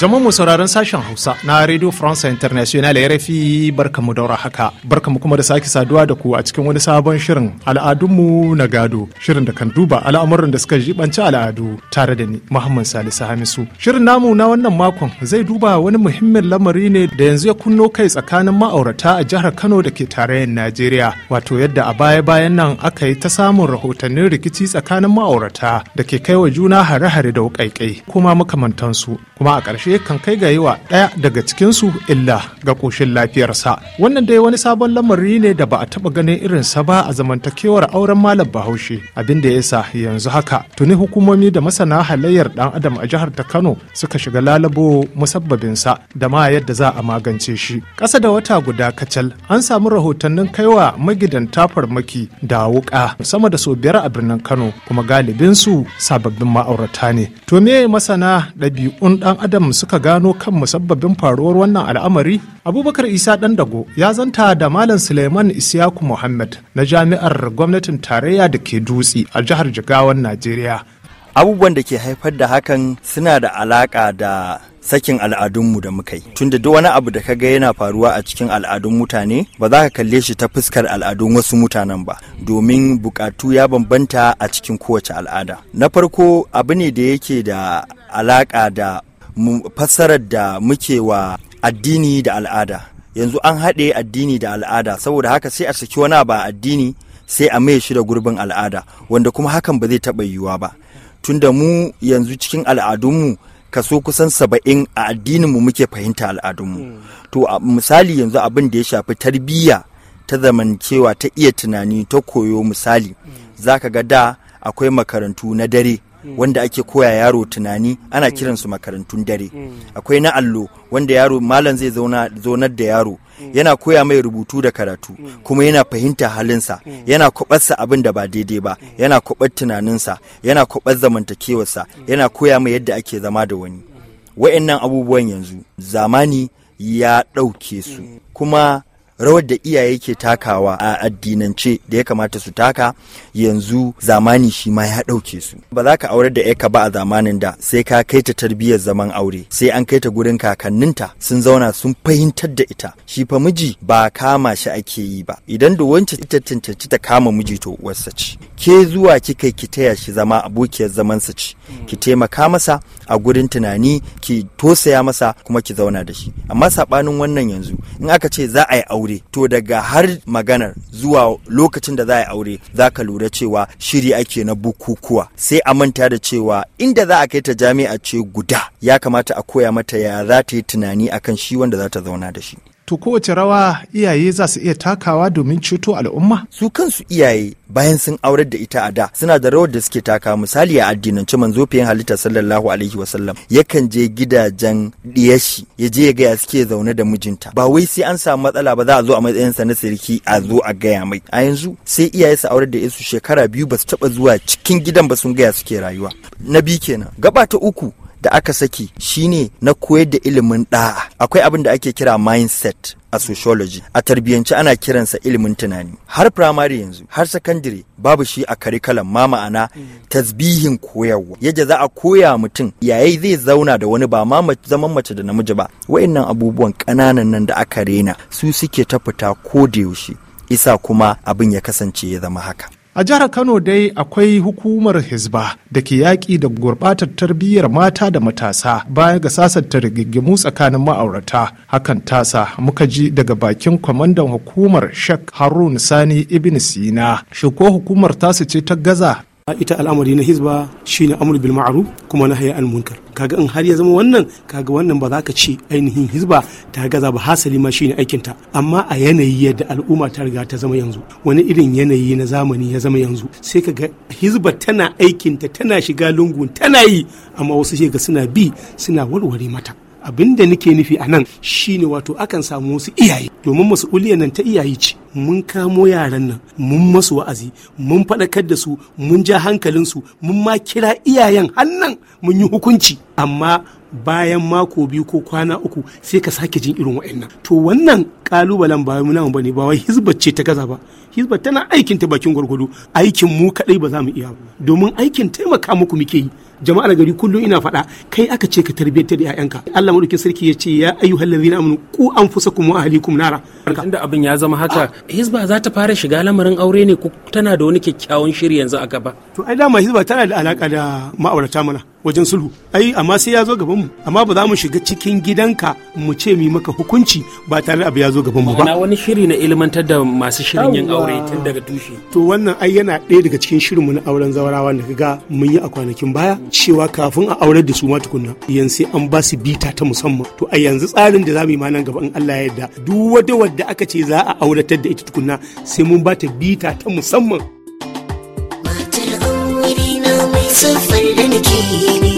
Jama'a mu sauraron sashen Hausa na Radio France International ya rafi mu daura haka. mu kuma da sake saduwa da ku a cikin wani sabon shirin al'adunmu na gado. Shirin da kan duba al'amuran da suka jibanci al'adu tare da ni Muhammad Salisu Hamisu. Shirin namu na wannan makon zai duba wani muhimmin lamari ne da yanzu ya kunno kai tsakanin ma'aurata a jihar Kano da ke tarayyar Najeriya. Wato yadda a baya-bayan nan aka yi ta samun rahotannin rikici tsakanin ma'aurata da ke kai wa juna hare-hare da wuƙaiƙai kuma makamantansu. Kuma a ƙarshe ƙarshe kan kai ga yi ɗaya daga cikinsu illa ga ƙoshin lafiyarsa wannan dai wani sabon lamari ne da ba a taɓa ganin irinsa ba a zamantakewar auren malam bahaushe abin da ya sa yanzu haka tuni hukumomi da masana halayyar ɗan adam a jihar ta kano suka shiga lalabo musabbabinsa da ma yadda za a magance shi ƙasa da wata guda kacal an samu rahotannin kaiwa magidanta farmaki da wuƙa sama da sau biyar a birnin kano kuma galibinsu sababbin ma'aurata ne to me masana ɗabi'un ɗan adam suka gano kan musabbabin faruwar wannan al'amari abubakar isa dan dago ya zanta da malam suleiman isiyaku muhammad na jami'ar gwamnatin tarayya da ke dutse a jihar jigawan najeriya abubuwan da ke haifar da hakan suna da alaka da sakin al'adunmu da muka yi tunda duk wani abu da ka ga yana faruwa a cikin al'adun mutane ba za ka kalle shi ta fuskar al'adun wasu mutanen ba domin bukatu ya bambanta a cikin kowace al'ada na farko abu ne da yake da alaka da fassarar da muke wa addini da al'ada yanzu an haɗe addini da al'ada saboda haka sai a saki wani ba addini sai a maye shi da gurbin al'ada wanda kuma hakan ba zai taɓa yiwuwa ba tunda mu yanzu cikin al'adunmu kaso kusan saba'in a addininmu muke fahimta al'adunmu to misali yanzu abin da ya shafi tarbiyya ta zamancewa ta iya tunani ta koyo misali zaka ga da akwai makarantu na dare wanda ake koya yaro tunani ana mm. kiransu makarantun dare mm. akwai na allo wanda yaro malam zai zaunar da yaro mm. yana koya mai rubutu da karatu kuma yana fahimta halinsa yana kwabarsa abin da ba daidai ba yana kwabar tunaninsa yana kwabar zamantakewarsa yana koya mai yadda ake zama da wani wa'annan abubuwan yanzu zamani ya ɗauke su kuma rawar da iyaye ke takawa a addinance da ya kamata su taka yanzu zamani shi ma ya ɗauke su ba za ka aurar da yaka ba a zamanin da sai ka kai ta tarbiyyar zaman aure sai an kai ta gurin kakanninta sun zauna sun fahimtar da ita shi fa miji ba kama shi ake yi ba idan da wancan ita tantance ta kama miji to wasa ci ke zuwa kika ki taya shi zama abokiyar sa ce? ki taimaka masa a gurin tunani ki tosaya masa kuma ki zauna da shi amma saɓanin wannan yanzu in aka ce za a yi aure aure to daga har maganar zuwa lokacin da za a yi aure za ka lura cewa shiri ake na bukukuwa sai a manta da cewa inda za a kai ta jami'a ce guda ya kamata a koya mata ya za ta yi tunani akan shi wanda za ta zauna da shi to kowace rawa iyaye za su iya takawa domin ceto al'umma? Su kansu iyaye bayan sun aurar da ita a da suna da rawar da suke taka misali a addinance manzo fiyen halitta sallallahu alaihi wasallam yakan je gidajen diyashi ya je ya gaya suke zaune da mijinta ba wai sai an samu matsala ba za a zo a matsayin sa na sirki a zo a gaya mai a yanzu sai iyaye su aurar da su shekara biyu ba su taba zuwa cikin gidan ba sun gaya suke rayuwa na biyu kenan gaba ta uku da aka saki shine na koyar da ilimin ɗa'a akwai abin da ake kira mindset a sociology a tarbiyyance ana kiransa ilimin tunani har primary yanzu har secondary babu shi a curriculum ma ma'ana tasbihin koyarwa yadda za a koya mutum yayi zai zauna da wani ba ma zaman mace da namiji ba wa'annan abubuwan ƙananan nan da aka rena su suke ta fita ko da yaushe isa kuma abin ya kasance ya zama haka a jihar kano dai akwai hukumar hizba da ke yaƙi da gurɓatar tarbiyyar mata da matasa baya ga sasanta rigingimu tsakanin ma'aurata hakan tasa muka ji daga bakin kwamandan hukumar shek harun sani ibn sina shi ko hukumar tasa ce ta gaza ita al'amari na hizba shine amru bil ma'ruf kuma nahyi al munkar kaga in har ya zama wannan kaga wannan ba za ka ce ainihin hizba ta gaza ba hasali ma shine aikin ta amma a yanayi yadda al'umma ta riga ta zama yanzu wani irin yanayi na zamani ya zama yanzu sai kaga hizba tana aikinta, tana shiga lungun tana yi amma wasu sai ga suna bi suna warware mata abin da nake nufi a nan shine wato akan samu wasu iyaye domin mas'uliyar nan ta iyaye ce mun kamo yaran nan mun masu wa'azi mun faɗakar da su mun ja hankalinsu mun ma kira iyayen hannan mun yi hukunci amma bayan mako biyu ko kwana uku sai ka sake jin irin wa'annan to wannan kalubalen ba mu nan bane ba wai hizbar ce ta gaza ba hizba tana aikin ta bakin gurgudu aikin mu kadai ba za mu iya domin aikin taimaka muku muke yi jama'ar gari kullum ina faɗa kai aka ce ka tarbiyyar da ƴaƴanka Allah madaukin sarki ya ce ya ayyuhal ladzina amanu ku anfusakum wa ahlikum nara tunda abin ya zama haka hizba za ta fara shiga lamarin aure ne ko tana da wani kyakkyawan shiri yanzu a gaba to ai dama hizba tana da alaka da ma'aurata mana wajen sulhu ai amma sai ya zo gaban mu amma ba za mu shiga cikin gidanka mu ce mi maka hukunci ba tare da abu ya zo zo gaban mu ba wani shiri na ilmantar da masu shirin yin aure tun daga tushe to wannan ai yana ɗaya daga cikin mu na auren zawarawa da kaga mun yi a kwanakin baya cewa kafin a aurar da su ma tukunna yanzu sai an ba su bita ta musamman to a yanzu tsarin da zamu yi ma nan gaba in Allah ya yarda duk wata wadda aka ce za a auratar da ita tukunna sai mun ba ta bita ta musamman matar mai da nake ne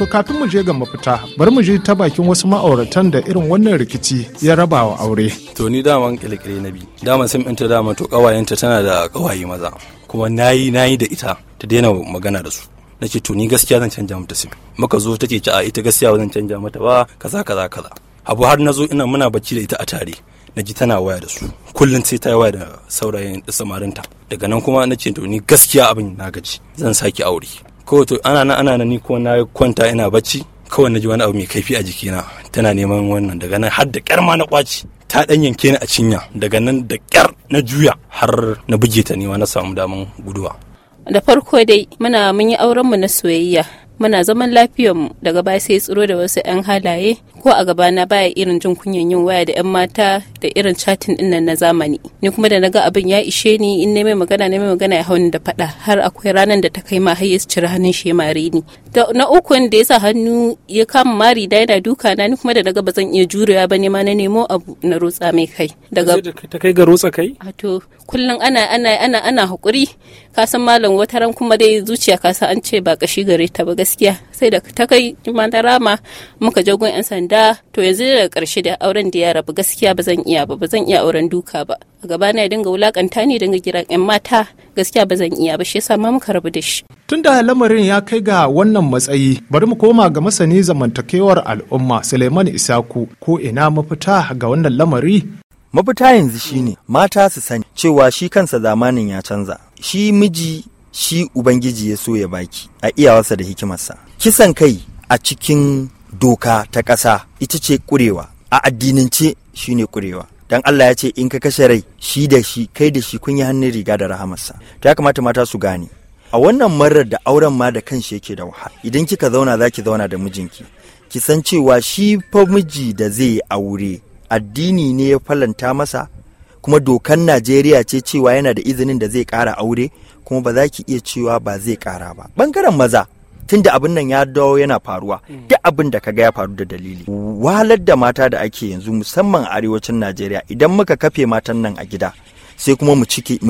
To kafin mu je ga mafita, bari mu je ta bakin wasu ma'auratan da irin wannan rikici ya raba wa aure. To ni daman kirkire na bi. dama sun ɗinta dama to ƙawayenta tana da kawaye maza. Kuma nayi nayi da ita ta daina magana da su. Nake to ni gaskiya zan canja mata sim. Muka zo take ci a ita gaskiya zan canja mata ba kaza kaza kaza. Abu har na zo ina muna bacci da ita a tare. na ji tana waya da su kullum sai ta waya da saurayin samarinta daga nan kuma na ce to ni gaskiya abin na gaji zan sake aure kawai to ana nan ana ni ko na kwanta ina bacci kawai naji wani abu mai kaifi a jikina tana neman wannan daga nan har da kyar ma na kwaci ta dan yanke ni a cinya daga nan da kyar na juya har na buge ta nima na samu daman guduwa da farko dai muna mun yi auren mu na soyayya muna zaman lafiyar mu daga baya sai tsiro da wasu yan halaye ko a gabana baya irin jin kunyan yin waya da 'yan mata da irin chatin din nan na zamani ni kuma da naga abin ya ishe ni in na mai magana ne mai magana ya hauni da faɗa har akwai ranar da ta kai ma har cire hannun shi mare ni na ukun da ya hannu ya kama mari da yana duka na ni kuma da naga ba zan iya jurewa ba ne ma na nemo abu na rotsa mai kai daga ta kai ga rotsa kai a to kullum ana ana ana ana hakuri ka san malam wata ran kuma dai zuciya ka san an ce ba kashi gare ta ba gaskiya sai da ta kai ma rama muka jagon yan sanda da to yanzu daga karshe da auren da ya rabu gaskiya ba zan iya ba ba zan iya auren duka ba a gaba na ya dinga wulakanta ne dinga kira yan mata gaskiya ba zan iya ba shi yasa ma muka rabu da shi tun da lamarin ya kai ga wannan matsayi bari mu koma ga masani zamantakewar al'umma Suleiman Isaku ko ina mafita ga wannan lamari mafita yanzu shine mata su sani cewa shi kansa zamanin ya canza shi miji shi ubangiji ya so ya baki a iyawarsa da hikimarsa kisan kai a cikin doka ta ƙasa ita ce ƙurewa a addinance ne ƙurewa Don Allah ya ce in ka kashe rai shi da shi kai da shi kun yi hannun riga da rahamarsa to ya kamata mata su gane a wannan marar da auren ma da kanshi yake da wahala idan kika zauna za ki zauna da mijinki ki san cewa shi fa miji da zai aure addini ne ya falanta masa kuma dokan Najeriya ce cewa yana da izinin da zai ƙara aure kuma ba za ki iya cewa ba zai ƙara ba bangaren maza tunda abin nan ya dawo yana faruwa hmm. duk abin da kaga ya faru da dalili wahalar da mata da ake yanzu musamman a arewacin Najeriya idan muka kafe matan nan a gida sai kuma mu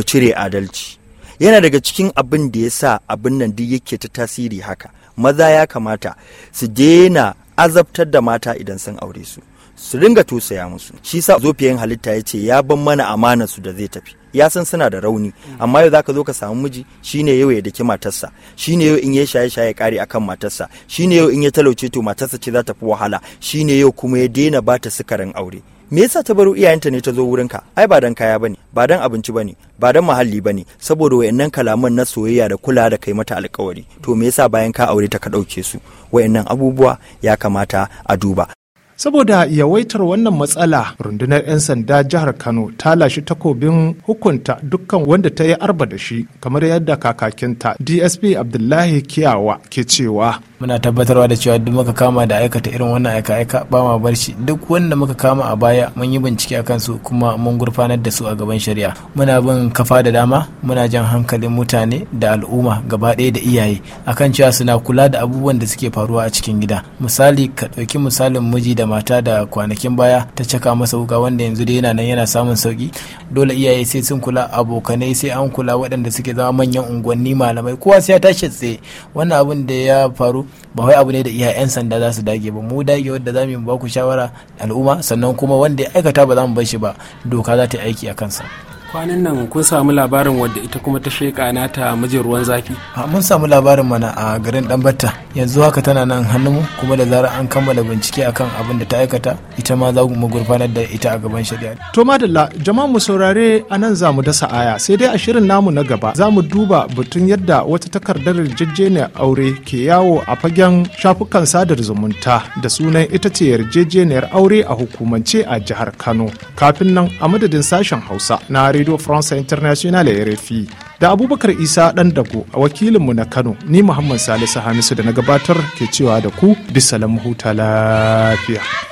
cire adalci yana daga cikin abin da ya sa abin nan duk yake ta tasiri haka maza ya kamata su daina azabtar da mata idan sun aure su su ringa tosaya musu shi sa zofiyan halitta ya ce ya ban mana amana su da zai tafi ya san suna da rauni amma yau zaka zo ka samu miji shine yau ya daki matarsa shine yau in ya shaye shaye kare akan matarsa shine yau in ya talauce to matarsa ce za ta fi wahala shine yau kuma ya daina bata sukarin aure me yasa ta baro iyayenta ne ta zo wurinka ai ba dan kaya bane ba dan abinci bane ba dan muhalli bane saboda wayannan kalaman na soyayya da kula da kai mata alkawari to me yasa bayan ka aure ta ka dauke su wayannan abubuwa ya kamata a duba saboda yawaitar wannan matsala rundunar 'yan sanda jihar kano ta lashi takobin hukunta dukkan wanda ta yi arba da shi kamar yadda kakakinta dsp abdullahi kiyawa ke cewa muna tabbatarwa da cewa duk muka kama da aikata irin wannan aika-aika ba ma barci duk wanda muka kama a baya mun yi bincike a kansu kuma mun gurfanar da su a gaban shari'a muna bin kafa da dama muna jan hankalin mutane da al'umma gaba ɗaya da iyaye akan cewa suna kula da abubuwan da suke faruwa a cikin gida misali ka ɗauki misalin miji da mata da kwanakin baya ta caka masa wuka wanda yanzu da yana nan yana samun sauki dole iyaye sai sun kula abokanai sai an kula waɗanda suke zama manyan unguwanni malamai kowa sai ya tashi tsaye wannan abin da ya faru ba wai abu ne da iya 'yan sanda za su dage ba mu dage wadda za mu ba ku shawara al'umma sannan kuma wanda ya aikata ba za mu bar shi ba doka za ta yi aiki a kansa kwanan nan kun samu labarin wadda ita kuma ta sheka nata mijin ruwan zafi mun samu labarin mana a garin danbatta yanzu haka tana nan hannu kuma da zarar an kammala bincike akan abin da ta aikata ita ma za mu gurfanar da ita a gaban shari'a to madalla jama'a mu saurare a nan za mu dasa aya sai dai a shirin namu na gaba za mu duba batun yadda wata takardar yarjejeniyar aure ke yawo a fagen shafukan sadar zumunta da sunan ita ce yarjejeniyar aure a hukumance a jihar kano kafin nan a madadin sashen hausa na radio france international rfi da abubakar isa ɗan dago a wakilinmu na kano ni muhammad salisu hamisu da na gabatar ke cewa da ku bisa huta lafiya